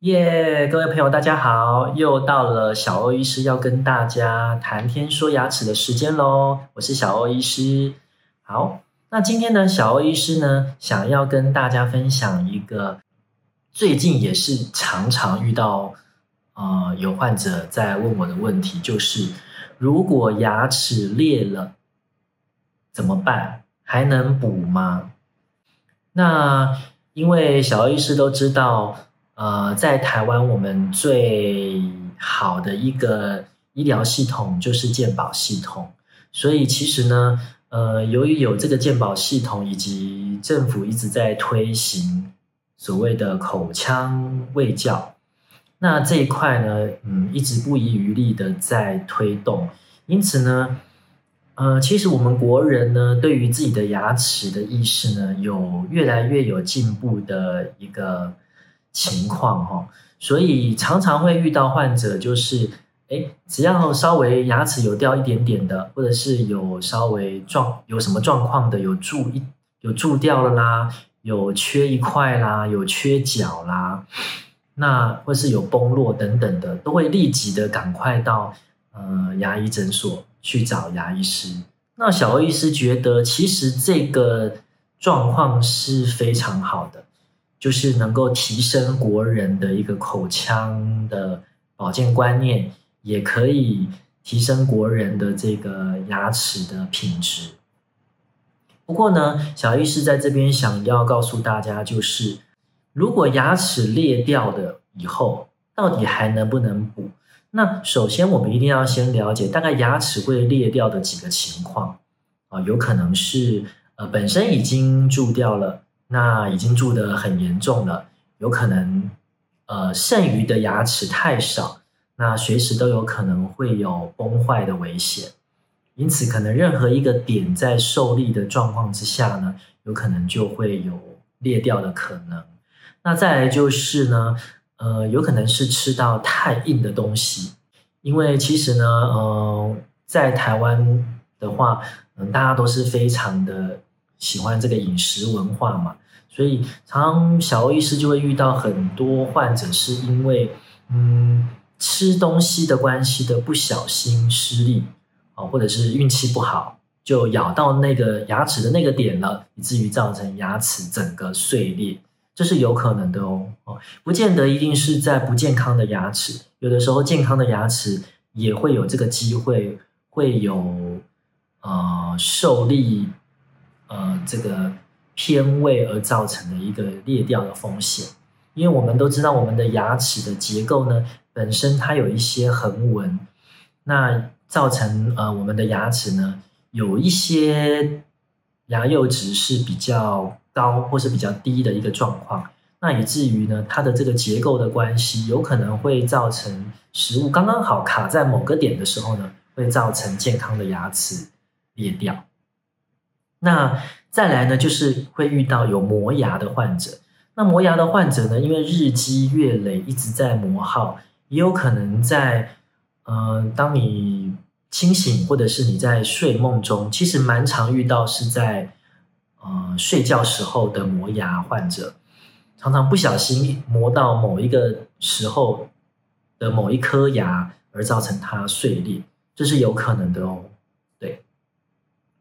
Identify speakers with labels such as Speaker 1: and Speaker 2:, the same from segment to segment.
Speaker 1: 耶、yeah，各位朋友，大家好！又到了小歐醫師要跟大家談天說牙齒的時間嘍。我是小歐醫師。好，那今天呢，小歐醫師呢想要跟大家分享一個最近也是常常遇到呃有患者在問我的問題，就是如果牙齒裂了怎麼辦？還能補嗎？那因為小歐醫師都知道。呃，在台灣，我們最好的一個醫療系統就是健保系統，所以其實呢，呃，由於有這個健保系統，以及政府一直在推行所謂的口腔衛教，那這一塊呢，嗯，一直不遺餘力的在推動，因此呢，呃，其實我們國人呢，對於自己的牙齒的意識呢，有越來越有進步的一個情況哦，所以常常會遇到患者，就是哎，只要稍微牙齒有掉一點點的，或者是有稍微狀有什麼狀況的，有蛀一有蛀掉了啦，有缺一塊啦，有缺角啦，那或是有崩落等等的，都會立即的趕快到呃牙醫診所去找牙醫師。那小歐醫師覺得，其實這個狀況是非常好的。就是能夠提升國人的一個口腔的保健觀念，也可以提升國人的這個牙齒的品質。不過呢，小醫師在這邊想要告訴大家，就是如果牙齒裂掉的以後，到底還能不能補？那首先我們一定要先了解大概牙齒會裂掉的幾個情況啊。呃，有可能是呃本身已經蛀掉了。那已經蛀得很嚴重了，有可能，呃，剩餘的牙齒太少，那隨時都有可能會有崩壞的危險，因此可能任何一個點在受力的狀況之下呢，有可能就會有裂掉的可能。那再來就是呢，呃，有可能是吃到太硬的東西，因為其實呢，呃，在台灣的話，嗯、呃，大家都是非常的。喜歡這個飲食文化嘛？所以常常小歐醫師就會遇到很多患者，是因為嗯吃東西的關係的不小心失力啊、哦，或者是運氣不好就咬到那個牙齒的那個點了，以至於造成牙齒整個碎裂，這是有可能的哦哦，不見得一定是在不健康的牙齒，有的時候健康的牙齒也會有這個機會會有呃受力。呃，這個偏位而造成的一個裂掉的風險，因為我們都知道我們的牙齒的結構呢，本身它有一些橫紋，那造成呃我們的牙齒呢有一些牙釉質是比較高或是比較低的一個狀況，那以至於呢它的這個結構的關係，有可能會造成食物剛剛好卡在某個點的時候呢，會造成健康的牙齒裂掉。那再來呢，就是會遇到有磨牙的患者。那磨牙的患者呢，因為日積月累一直在磨耗，也有可能在嗯、呃，當你清醒或者是你在睡夢中，其實蠻常遇到是在呃睡覺時候的磨牙患者，常常不小心磨到某一個時候的某一顆牙，而造成它碎裂，這、就是有可能的哦。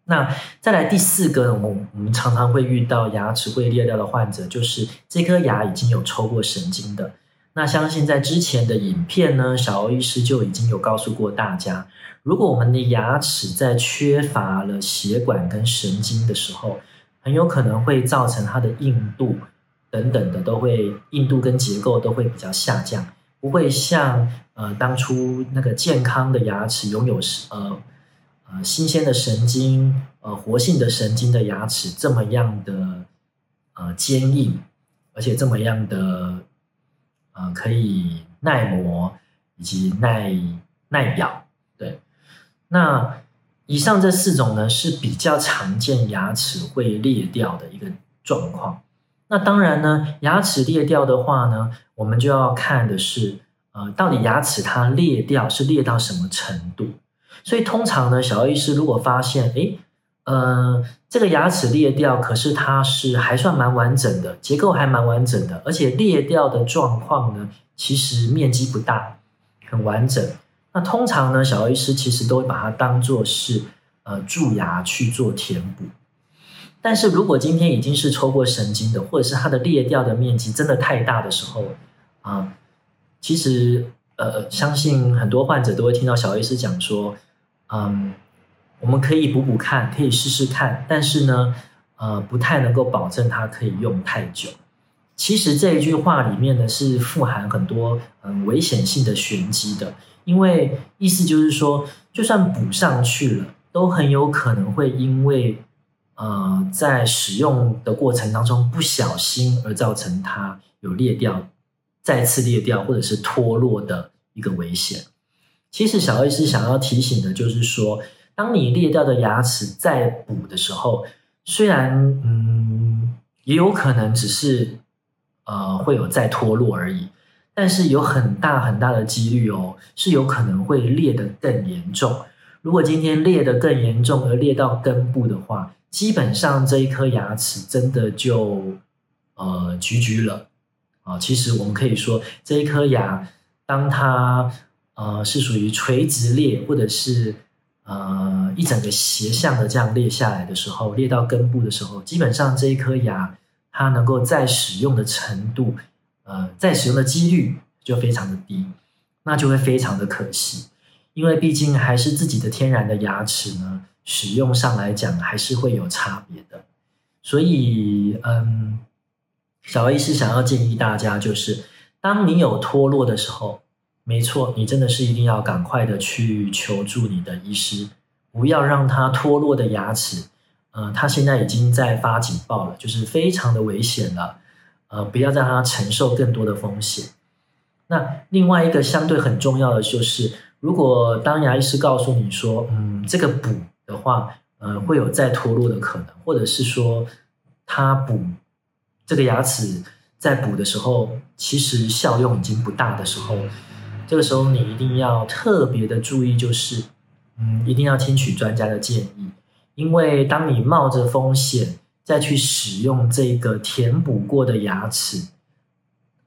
Speaker 1: 那再來第四個，我們、我們常常會遇到牙齒會裂掉的患者，就是這顆牙已經有抽過神經的。那相信在之前的影片呢，小歐醫師就已經有告訴過大家，如果我們的牙齒在缺乏了血管跟神經的時候，很有可能會造成它的硬度等等的都會，硬度跟結構都會比較下降，不會像呃當初那個健康的牙齒擁有呃。呃，新鮮的神經，呃，活性的神經的牙齒，這麼樣的，呃，堅硬，而且這麼樣的，呃，可以耐磨以及耐耐咬。對，那以上這四種呢是比較常見牙齒會裂掉的一個狀況。那當然呢，牙齒裂掉的話呢，我們就要看的是，呃，到底牙齒它裂掉是裂到什麼程度。所以通常呢，小醫師如果發現，哎，呃，這個牙齒裂掉，可是它是還算蠻完整的，結構還蠻完整的，而且裂掉的狀況呢，其實面積不大，很完整。那通常呢，小醫師其實都會把它當作是呃蛀牙去做填補。但是如果今天已經是抽過神經的，或者是它的裂掉的面積真的太大的時候啊，呃，其實。呃，相信很多患者都會聽到小醫師講說，嗯，我們可以補補看，可以試試看，但是呢，呃，不太能夠保證它可以用太久。其實這一句話裡面呢，是富含很多嗯危險性的玄機的，因為意思就是說，就算補上去了，都很有可能會因為呃在使用的過程當中不小心而造成它有裂掉。再次裂掉或者是脫落的一個危險。其實小愛醫師想要提醒的，就是說，當你裂掉的牙齒再補的時候，雖然嗯，也有可能只是呃會有再脫落而已，但是有很大很大的幾率哦，是有可能會裂得更嚴重。如果今天裂得更嚴重而裂到根部的話，基本上這一顆牙齒真的就呃 GG 了。啊，其實我們可以說，這一顆牙，當它呃是屬於垂直裂，或者是呃一整個斜向的這樣裂下來的時候，裂到根部的時候，基本上這一顆牙它能夠再使用的程度，呃，再使用的幾率就非常的低，那就會非常的可惜，因為畢竟還是自己的天然的牙齒呢，使用上來講還是會有差別的，所以嗯。小醫師想要建議大家，就是當你有脫落的時候，沒錯，你真的是一定要趕快的去求助你的醫師，不要讓它脫落的牙齒，呃，它現在已經在發警報了，就是非常的危險了，呃，不要讓它承受更多的風險。那另外一個相對很重要的就是，如果當牙醫師告訴你說，嗯，這個補的話，呃，會有再脫落的可能，或者是說它補。這個牙齒在補的時候，其實效用已經不大的時候，這個時候你一定要特別的注意，就是嗯，一定要聽取專家的建議，因為當你冒着風險再去使用這個填補過的牙齒，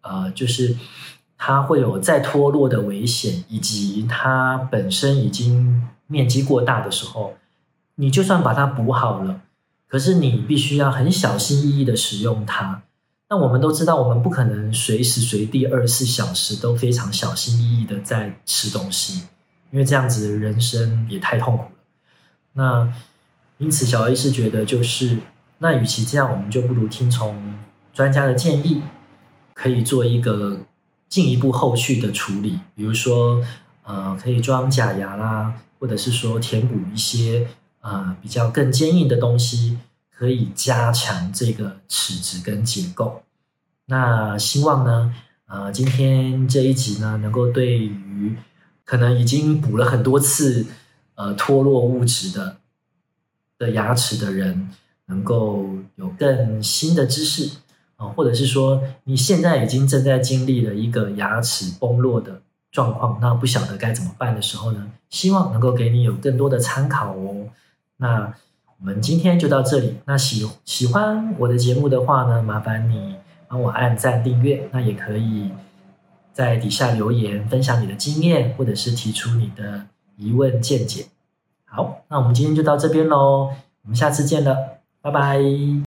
Speaker 1: 呃，就是它會有再脫落的危險，以及它本身已經面積過大的時候，你就算把它補好了。可是你必須要很小心翼翼的使用它。那我們都知道，我們不可能隨時隨地二十四小時都非常小心翼翼的在吃東西，因為這樣子的人生也太痛苦了。那因此，小 A 是覺得，就是那與其這樣，我們就不如聽從專家的建議，可以做一個進一步後續的處理，比如說，呃，可以裝假牙啦，或者是說填補一些。啊、呃，比較更堅硬的東西可以加強這個齒質跟結構。那希望呢，呃，今天這一集呢，能夠對於可能已經補了很多次，呃，脫落物質的的牙齒的人，能夠有更新的知識啊、呃，或者是說你現在已經正在經歷了一個牙齒崩落的狀況，那不曉得該怎麼辦的時候呢，希望能夠給你有更多的參考哦。那我們今天就到這裡。那喜喜歡我的節目的話呢，麻煩你幫我按讚訂閱。那也可以在底下留言，分享你的經驗，或者是提出你的疑問見解。好，那我們今天就到這邊嘍，我們下次見了，拜拜。